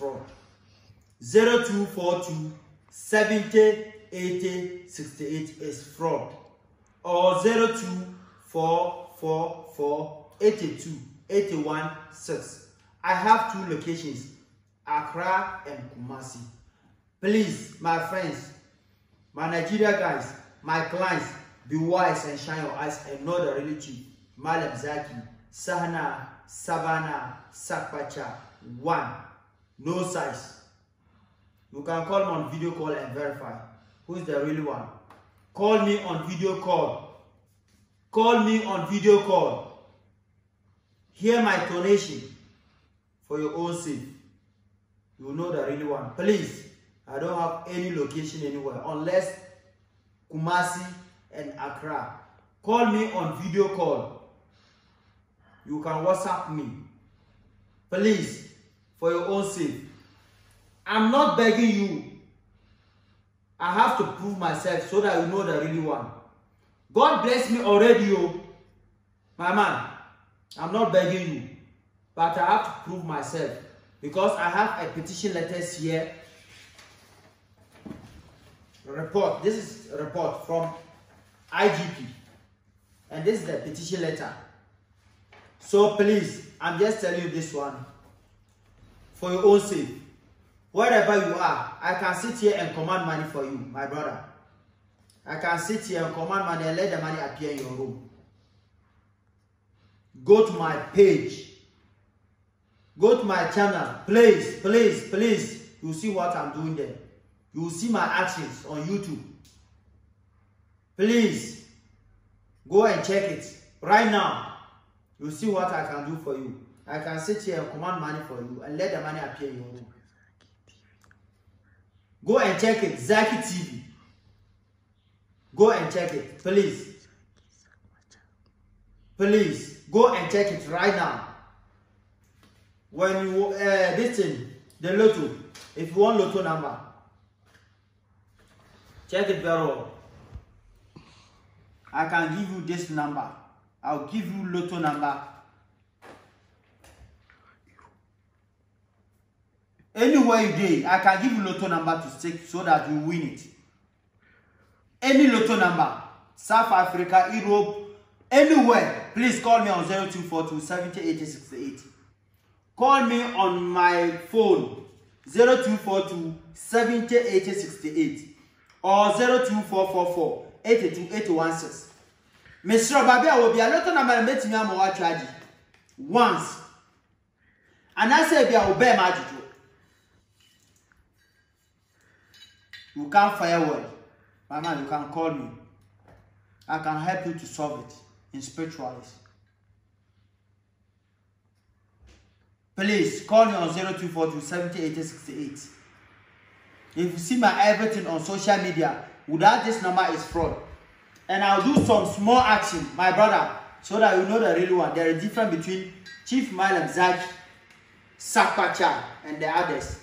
from 0242 70 80 68 is fraud or 02444 82 81 6. I have two locations, Accra and Kumasi. Please, my friends, my Nigeria guys, my clients, be wise and shine your eyes and know the relative. Malam Zaki, Sahana, Savannah, Sakpacha, one no size. You can call me on video call and verify who is the real one. Call me on video call. Call me on video call. Hear my donation for your own sake. You know the real one. Please, I don't have any location anywhere unless Kumasi and Accra. Call me on video call. You can WhatsApp me. Please, for your own sake. I'm not begging you. I have to prove myself so that you know the really one. God bless me already, oh. My man, I'm not begging you. But I have to prove myself. Because I have a petition letter here. Report. This is a report from IGP. And this is the petition letter. So please, I'm just telling you this one for your own sake. Wherever you are, I can sit here and command money for you, my brother. I can sit here and command money and let the money appear in your room. Go to my page. Go to my channel. Please, please, please. you see what I'm doing there. you see my actions on YouTube. Please, go and check it. Right now, you see what I can do for you. I can sit here and command money for you and let the money appear in your room. Go and check it, Zaki TV. Go and check it, please. Please, go and check it right now. When you, uh, this thing, the lotto, if you want lotto number, check it very well. I can give you this number. I'll give you lotto number anywhere you dey i can give you lotto number to stake so that you win it any lotto number south africa europe anywhere please call me on 0242 70 80 68 call me on my phone 0242 70 80 68 or 02444 82816 mesrɛ baabi a wɔ bia lotto number na mɛtumi ama woatwa agye once and I anaasɛ bia wobɛɛ ma adwodwo You can firewall. Right now, you can call me. I can help you to solve it in spiritualism. Please call me on 0242 70 80 68. If you see my everything on social media, without this number is fraud. And I'll do some small action, my brother, so that you know the real one. There is a difference between Chief Malam Zaki, Sakpacha, and the others.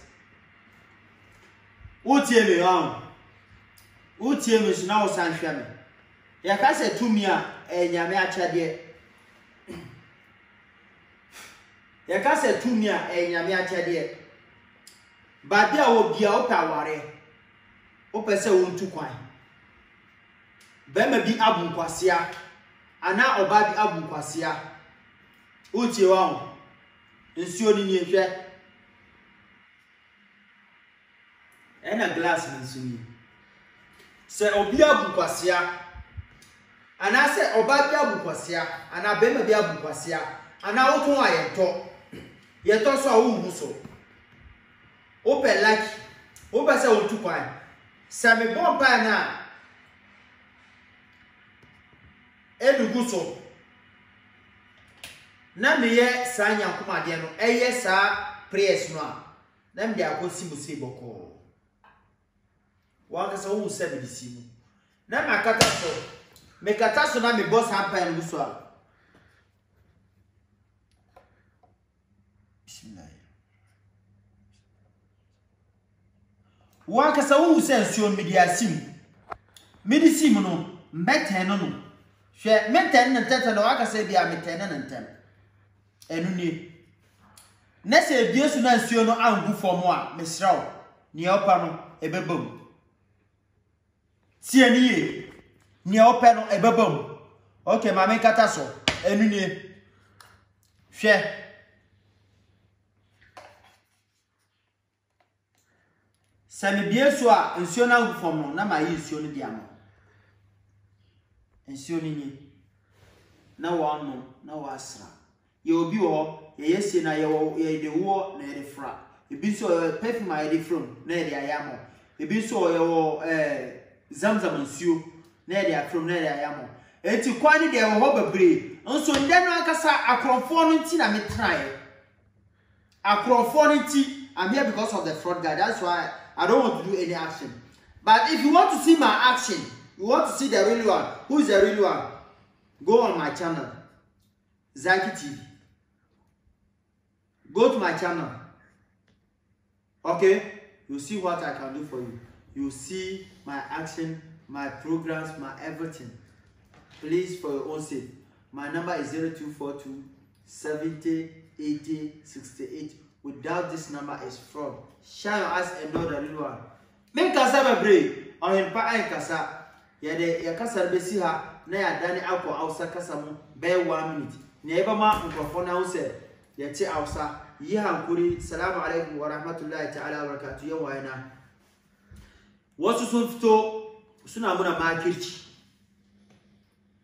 wotiemi wotiemi so na wo san hwɛ me yɛka sɛ tumi a ɛnyame akyɛdeɛ yɛka sɛ tumi a ɛnyame akyɛdeɛ baabi a wɔbia wopɛ awareɛ wopɛ sɛ wontu kwan bɛrima bi abu nkwasea anaa ɔbaa bi abu nkwasea wotie wa ho nsuo ni nie hwɛ ɛna glass no nso ni sɛ obi abu kwasea anaasɛ ɔbaa bi abu kwasea anaa bɛrima bi abu kwasea anaa wotɔn a yɛtɔ yɛtɔ so a wohu so wopɛ like wopɛ sɛ wotu kwan sɛ mebɔ mpae no a ɛnugu so na meyɛ saa nyankomadeɛ no ɛyɛ saa prayers no a na mede akɔsi mo sei bɔkɔɔ wankasa wohu sɛ medesi mu na makata so Me kata so na mebɔ saa mpan no so a wankasa wohu sɛ nsuo mede asi mu mede si mu no mɛtɛn no no hwɛ mɛtɛn ne ntɛntɛn no wankasa bi a metɛn ne ne ntɛm ɛno nie na sɛ ebie so na nsuo no angu fam a mesrɛ ni opa no ɛbɛba mu tie ni ye nea ɔpɛ no ɛbɛba e mu okay maame kata so ɛnu e nie hwɛ sɛ mebie so a nsuo no agu fam no na maayɛ nsuo no de ama nsuo no nye na wɔanom na wɔasra yɛ obi wɔ hɔ yɛyɛ sie na yɛwɔ yɛde woɔ na yɛde fra ebi nso yɛ eh, perfume a yɛde from na yɛde ayɛ ama ebi nso yɛwɔ ɛɛ. zamzam nsuo na yɛde afrɛm na yɛde ayam eti kwan ne deɛ ɛwɔ hɔ bebree nso ndɛ no ankasa akorɔfoɔ no ti na metraeɛ akorɔfoɔ no ti i'm here because of the fraud guy that's why i don't want to do any action but if you want to see my action you want to see the real one who is the real one go on my channel zaki tv go to my channel okay you see what i can do for you you see my action, my programs, my everything. Please, for your own sake. My number is 0242 70 80 68. Without this number, is from. Shine your eyes and know the real one. Make us kasa bebree ɔhen pa ayɛ kasa yɛde yɛkasa no bɛsi ha na yɛadane akɔ awusa kasa mu bɛyɛ one minute nea yɛbɛma nkurɔfoɔ no ho sɛ yɛte awusa yi hankuri salamu alaikum warahmatullahi taala wabarakatu yɛwɔɛ na wasu sun fito suna muna makirci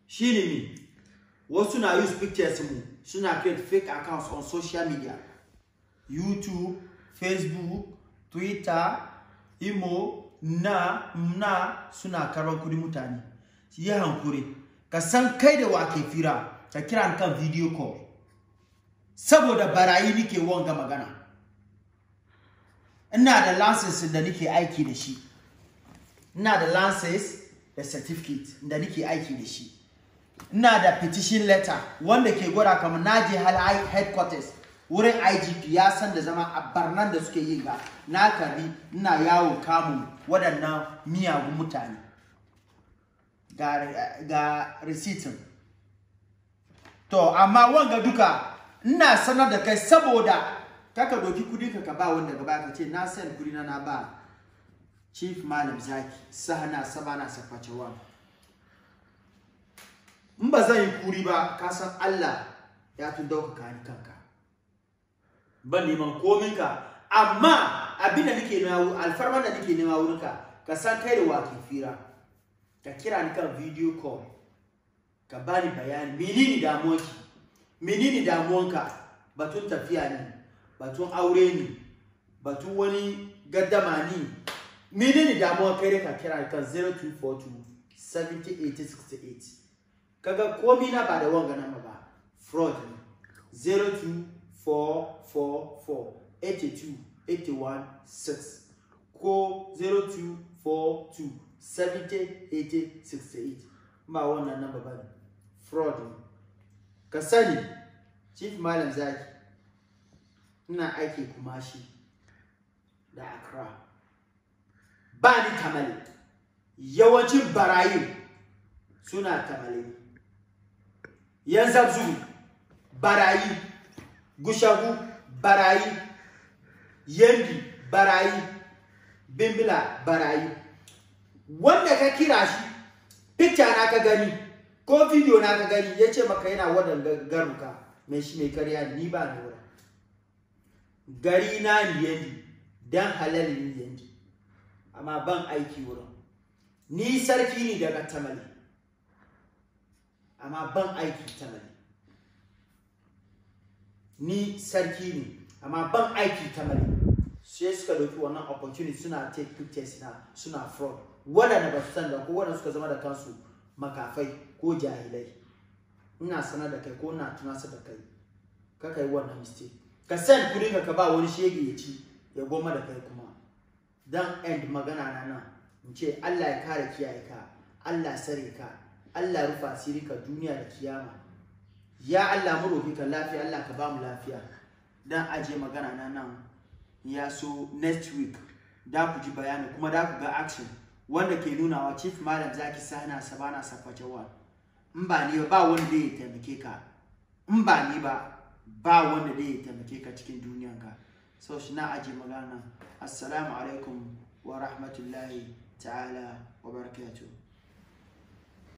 shi ne wasu na use pictures mu suna create fake accounts on social media youtube facebook twitter imo na na suna karban kudi mutane yi hankuri ka san kai da wake fira ka kira kan video call saboda barayi nike wanga magana ina da lansinsin da nike aiki da shi ina da lances da certificate da nake aiki da shi ina da petition letter wanda ke gwada kamar na je hal headquarters wurin IGP ya san da zama a barnan da suke yi ga na karbi ina yawo kamun waɗannan miyagun mutane ga receipt to amma wanga duka ina sanar da kai saboda kaka doki kudi ka ba wanda gaba ka ce na sayar kudi na na ba chief malam zaki sahana sabana safacewa in ba zan yi kuri ba ka san Allah ya tun daukaka ni kanka Ba neman kominka amma abin da nake nema alfarman da nake nema wurinka ka san kai da wake fira ka kira ni kan video call ka bani bayani menene damuwanki menene damuwanka batun tafiya ne batun aure ne batun wani gaddama ne menene damuwa kai ka kira kan 0242 708068 kaga komi na ba da wanga nama ba fraud ne 02444 82 81 6 ko 0242 708068 ba wannan namba ba ne fraud ne ka sani chief malam zaki ina aiki kuma shi da accra ba ni tamale yawancin barayin suna tamale yan barayi gushagu barayi yandi barayi bimbila barayi wanda ka kira shi picture na ka gani ko video na ka gani ya ce maka yana wadan garuka mai shi mai karya ni ba nora gari na ni yandi dan halalin ni yandi amma ban aiki wurin ni sarki ne daga tamale amma ban aiki tamale ni sarki ne amma ban aiki tamale sai suka dauki wannan opportunity suna take test na suna fraud waɗanda ba su san da ko waɗanda suka zama da kansu makafai ko jahilai ina sanar da kai ko ina tunasar da kai ka kai wannan mistake ka send kudin ka ba wani shege ya ci ya goma da kai kuma zan end magana na nan in ce Allah ya kare kiyaye ka Allah sare ka Allah rufa sirika ka duniya da kiyama ya Allah mu roki ka lafiya Allah ka ba mu lafiya dan aje magana na nan ya so next week da ku ji bayani kuma da ku ga action wanda ke nuna wa chief malam zaki sana sabana safajawa in ba ni ba wanda ya taimake ka in ba ni ba ba wanda zai taimake ka cikin duniyanka سوشنا عجي مغانا السلام عليكم ورحمة الله تعالى وبركاته